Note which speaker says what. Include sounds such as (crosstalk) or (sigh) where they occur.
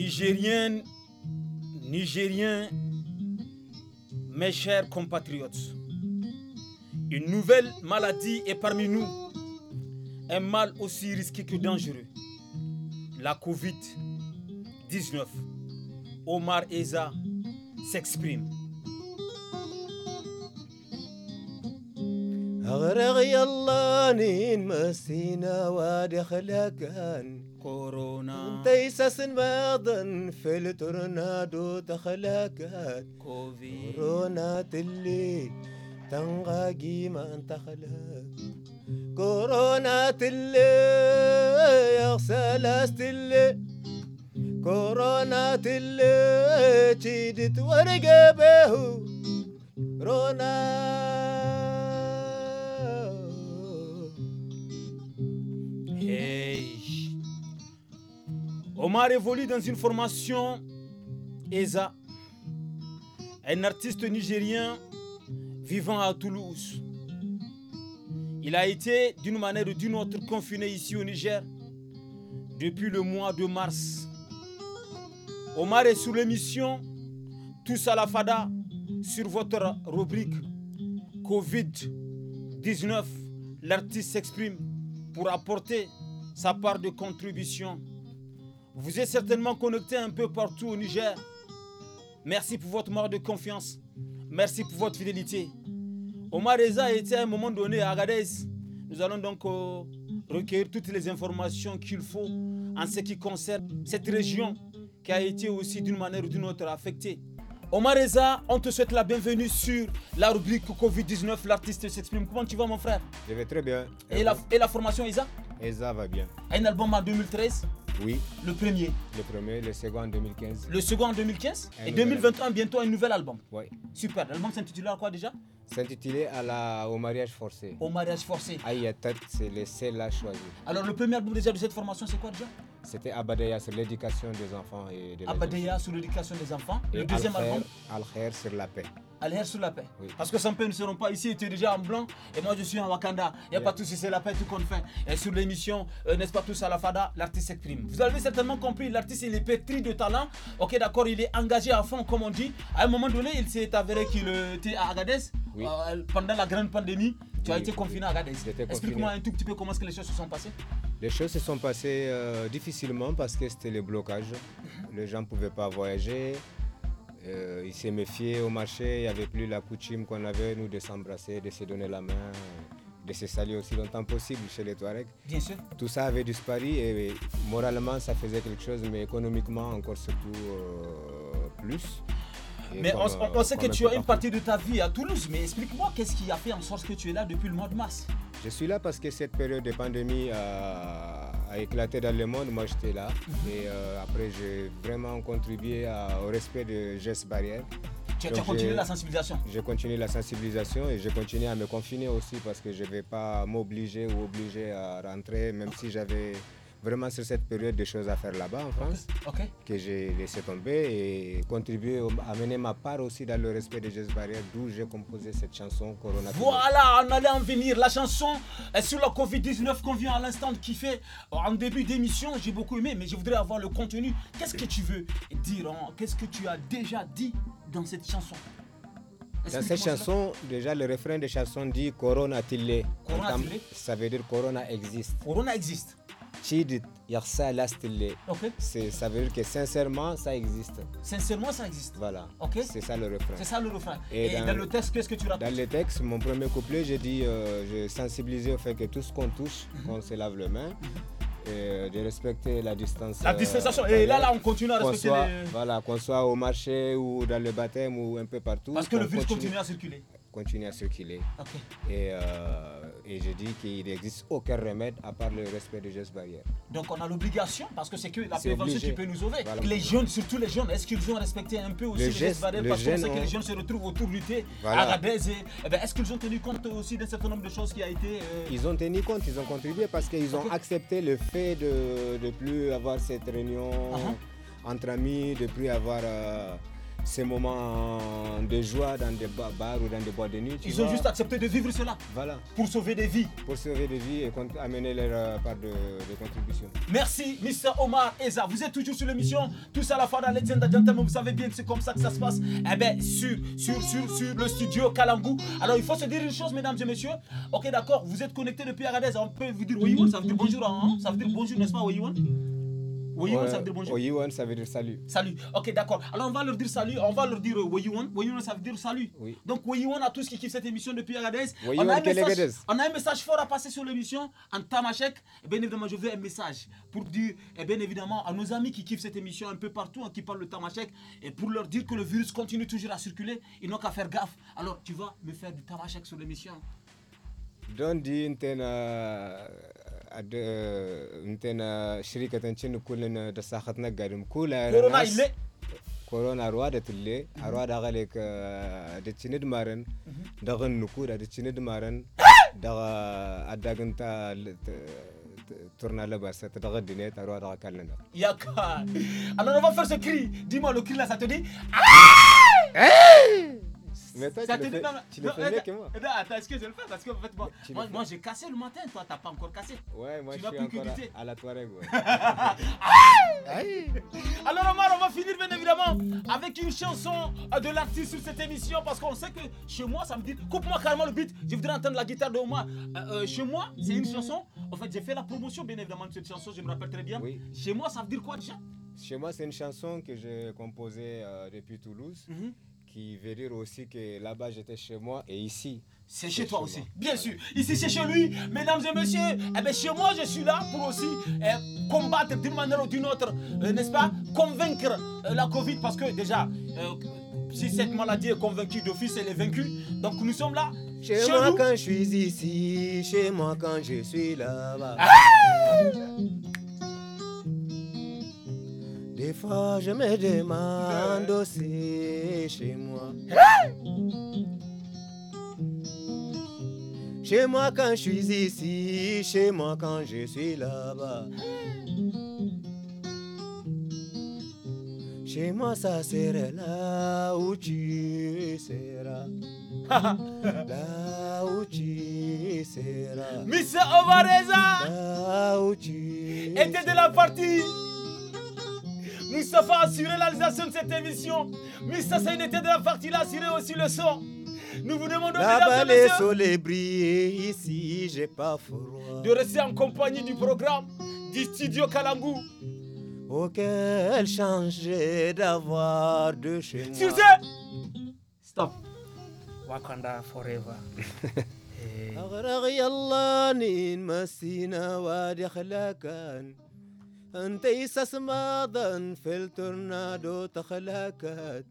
Speaker 1: Nigériens, Nigérien, mes chers compatriotes, une nouvelle maladie est parmi nous, un mal aussi risqué que dangereux, la Covid-19. Omar Eza s'exprime.
Speaker 2: قصص بيضا في التورنادو تخلاكات كورونا تلي تنغاقي ما انتخلات كورونا تلي يا سلاست اللي كورونا تلي تشيدت ورقة رونا
Speaker 1: Omar évolue dans une formation ESA, un artiste nigérien vivant à Toulouse. Il a été d'une manière ou d'une autre confiné ici au Niger depuis le mois de mars. Omar est sous l'émission Tous à la Fada sur votre rubrique Covid-19. L'artiste s'exprime pour apporter sa part de contribution vous êtes certainement connecté un peu partout au Niger. Merci pour votre mort de confiance. Merci pour votre fidélité. Omar Reza était à un moment donné à Agadez. Nous allons donc euh, recueillir toutes les informations qu'il faut en ce qui concerne cette région qui a été aussi d'une manière ou d'une autre affectée. Omar Reza, on te souhaite la bienvenue sur la rubrique Covid-19, l'artiste s'exprime. Comment tu vas mon frère Je vais très bien. Et, la, formation Isa Esa va bien. Un album en 2013 oui. Le premier Le premier, le second en 2015. Le second en 2015 Et 2021, bientôt un nouvel album Oui. Super. L'album à quoi déjà
Speaker 3: S'intitulait à la, au mariage forcé. Au mariage forcé. Aïe, ah, tête, c'est le seul à choisir. Alors,
Speaker 1: le premier album déjà de cette formation, c'est quoi déjà
Speaker 3: C'était Abadeya sur l'éducation des enfants et Abadeya
Speaker 1: sur l'éducation des enfants. le deuxième album
Speaker 3: Al-Khair sur la paix
Speaker 1: sur la paix. Parce que sans paix, nous ne serons pas ici. Tu es déjà en blanc et moi, je suis en Wakanda. Il n'y a pas tout, si c'est la paix, tout qu'on fait. Et sur l'émission, euh, n'est-ce pas, tous à la fada, l'artiste s'exprime. Vous avez certainement compris, l'artiste, il est pétri de talent. Ok, d'accord, il est engagé à fond, comme on dit. À un moment donné, il s'est avéré qu'il était à Agadez euh, pendant la grande pandémie. Tu as été confiné à Agadez. Explique-moi un tout petit peu comment est-ce que les choses se sont passées.
Speaker 3: Les choses se sont passées euh, difficilement parce que c'était le blocage. Mhm. Les gens ne pouvaient pas voyager. Euh, il s'est méfié au marché, il n'y avait plus la coutume qu'on avait, nous, de s'embrasser, de se donner la main, de se saluer aussi longtemps possible chez les Touaregs. Bien sûr. Tout ça avait disparu et moralement, ça faisait quelque chose, mais économiquement, encore surtout euh, plus. mais on, euh, sait que tu as une
Speaker 1: partie de ta vie à Toulouse, mais explique-moi qu'est-ce qui a fait en sorte que tu es là depuis le mois de mars
Speaker 3: Je suis là parce que cette période de pandémie a a éclaté dans le monde, moi j'étais là. Mhm. Et euh, après, j'ai vraiment contribué au respect de gestes barrières. Tu, as continué la sensibilisation J'ai continué la sensibilisation et j'ai continué à me confiner aussi parce que je vais pas m'obliger ou obliger à rentrer, même si j'avais vraiment sur cette période de choses à faire là-bas en France que j'ai laissé tomber et contribué à mener ma part
Speaker 1: aussi dans le respect des gestes barrières d'où j'ai composé cette chanson Corona. Voilà, on allait en venir. La chanson est sur la Covid-19 qu'on vient à l'instant de kiffer en début d'émission, j'ai beaucoup aimé, mais je voudrais avoir le contenu. Qu'est-ce que tu veux dire hein? Qu'est-ce que tu as déjà dit dans cette chanson
Speaker 3: dans cette chanson, déjà le refrain de chanson dit Corona Tillé. Ça veut dire Corona existe. Corona existe. Ça veut dire que sincèrement, ça existe. Sincèrement, ça existe. Voilà. C'est ça le refrain. C'est ça le refrain. Et, dans, le texte, qu'est-ce que tu racontes Dans le texte, mon premier couplet, j'ai dit, euh, je j'ai sensibilisé au fait que tout ce qu'on touche, mhm. on se lave les mains. Mhm. Et euh, de respecter la distance. La euh, distanciation. et là, là, on continue à respecter. les... Voilà, qu'on soit au marché ou dans le baptême ou un peu partout. Parce que le virus continue à circuler continuer à circuler. Okay. Et, euh, et, je dis qu'il n'existe aucun remède à part le respect des gestes barrières.
Speaker 1: Donc on a l'obligation, parce que c'est que la prévention qui peut nous sauver. Les jeunes, surtout les jeunes, est-ce qu'ils ont respecté un peu aussi les gestes barrières Parce qu'on sait que les jeunes se retrouvent autour du thé, à la eh ben, est-ce qu'ils ont tenu compte aussi d'un certain nombre de choses qui a été... Euh,
Speaker 3: ils ont tenu compte, ils ont contribué parce qu'ils ont accepté le fait de ne plus avoir cette réunion uh-huh. entre amis, de ne plus avoir... Euh, ces moments de joie dans des bars ou dans des bois de nuit. Ils ont juste
Speaker 1: accepté de vivre cela. Voilà.
Speaker 3: Pour sauver des vies. Pour sauver des vies et amener leur euh, part de, contribution.
Speaker 1: Merci, Mr. Omar Eza. Vous êtes toujours sur l'émission. Tout à la fois dans les Gentlemen. Vous savez bien que c'est comme ça que ça se passe. Eh bien, sur, sur, sur, sur le studio Kalangu. Alors, il faut se dire une chose, mesdames et messieurs. Ok, d'accord, vous êtes connectés depuis Agadez. On peut vous dire oui, ça veut dire bonjour. Hein. Ça veut dire bonjour, n'est-ce pas, oui Oui, oui, ça veut dire bonjour. oui,
Speaker 3: ça veut dire salut.
Speaker 1: Salut. Ok, d'accord. Alors on va leur dire salut, on va leur dire oui, oui, ça veut dire salut. Oui. Donc oui, à tous qui kiffent cette émission depuis Agadez. On, on, a un message fort à passer sur l'émission en Tamashek. Et eh bien évidemment, je veux un message pour dire, et eh bien évidemment, à nos amis qui kiffent cette émission un peu partout, en hein, qui parlent le Tamashek, et pour leur dire que le virus continue toujours à circuler, ils n'ont qu'à faire gaffe. Alors tu vas me faire du Tamashek sur l'émission.
Speaker 3: Don't uh, እንትን shirikatanchin kullin dasaxat nagadim kula corona ile corona arwa datille arwa dagalek adichinid maran dagan nuku adichinid maran daga adaginta tourna là bas cette daga dîner arwa daga kalenda
Speaker 1: yaka alors on va faire ce cri dis-moi le cri là ça te dit ah hey
Speaker 3: ça tu, le tu que
Speaker 1: moi. attends, est-ce que je le fais Parce que en fait, moi, moi, j'ai cassé le matin, toi, t'as pas encore cassé. Ouais, moi, je suis encore à, la Touareg. (laughs) Ah Alors, Omar, on va finir, bien évidemment, avec une chanson de l'artiste sur cette émission. Parce qu'on sait que chez moi, ça me dit coupe-moi carrément le beat. Je voudrais entendre la guitare de moi. Euh, euh, chez moi, c'est une mm-hmm. chanson. En fait, j'ai fait la promotion, bien évidemment, de cette chanson. Je me rappelle très bien. Chez moi, ça veut dire quoi déjà
Speaker 3: chez moi, c'est une chanson que j'ai composée euh, depuis Toulouse. Mhm. qui
Speaker 1: veut dire aussi que là-bas j'étais chez moi et ici. C'est chez toi aussi, bien sûr. Ici c'est chez lui, mesdames et messieurs. Eh bien, chez moi je suis là pour aussi eh, combattre d'une manière ou d'une autre, euh, n'est-ce pas, convaincre euh, la Covid parce que déjà, si cette maladie est convaincue d'office, elle est vaincue. Donc nous sommes là. Chez, moi quand je suis ici,
Speaker 2: chez moi quand je suis là-bas. Ah! Des fois, je me demande c'est chez moi. Chez moi quand je suis ici, chez moi quand je suis là-bas. Chez moi, ça serait là où tu seras. (laughs) là où tu seras.
Speaker 1: Miss Ovareza!
Speaker 2: Là où tu
Speaker 1: Était de la partie! Mustapha a assuré la réalisation de cette émission. Mustapha étape de la partie, il a assuré aussi le son. Nous vous demandons de bas les De rester en compagnie du programme du studio Kalangu.
Speaker 2: Auquel changer d'avoir de chez moi. Sur ce,
Speaker 1: stop. Wakanda forever. (laughs) Eh.
Speaker 2: انت سسماضا في التورنادو تخلاكات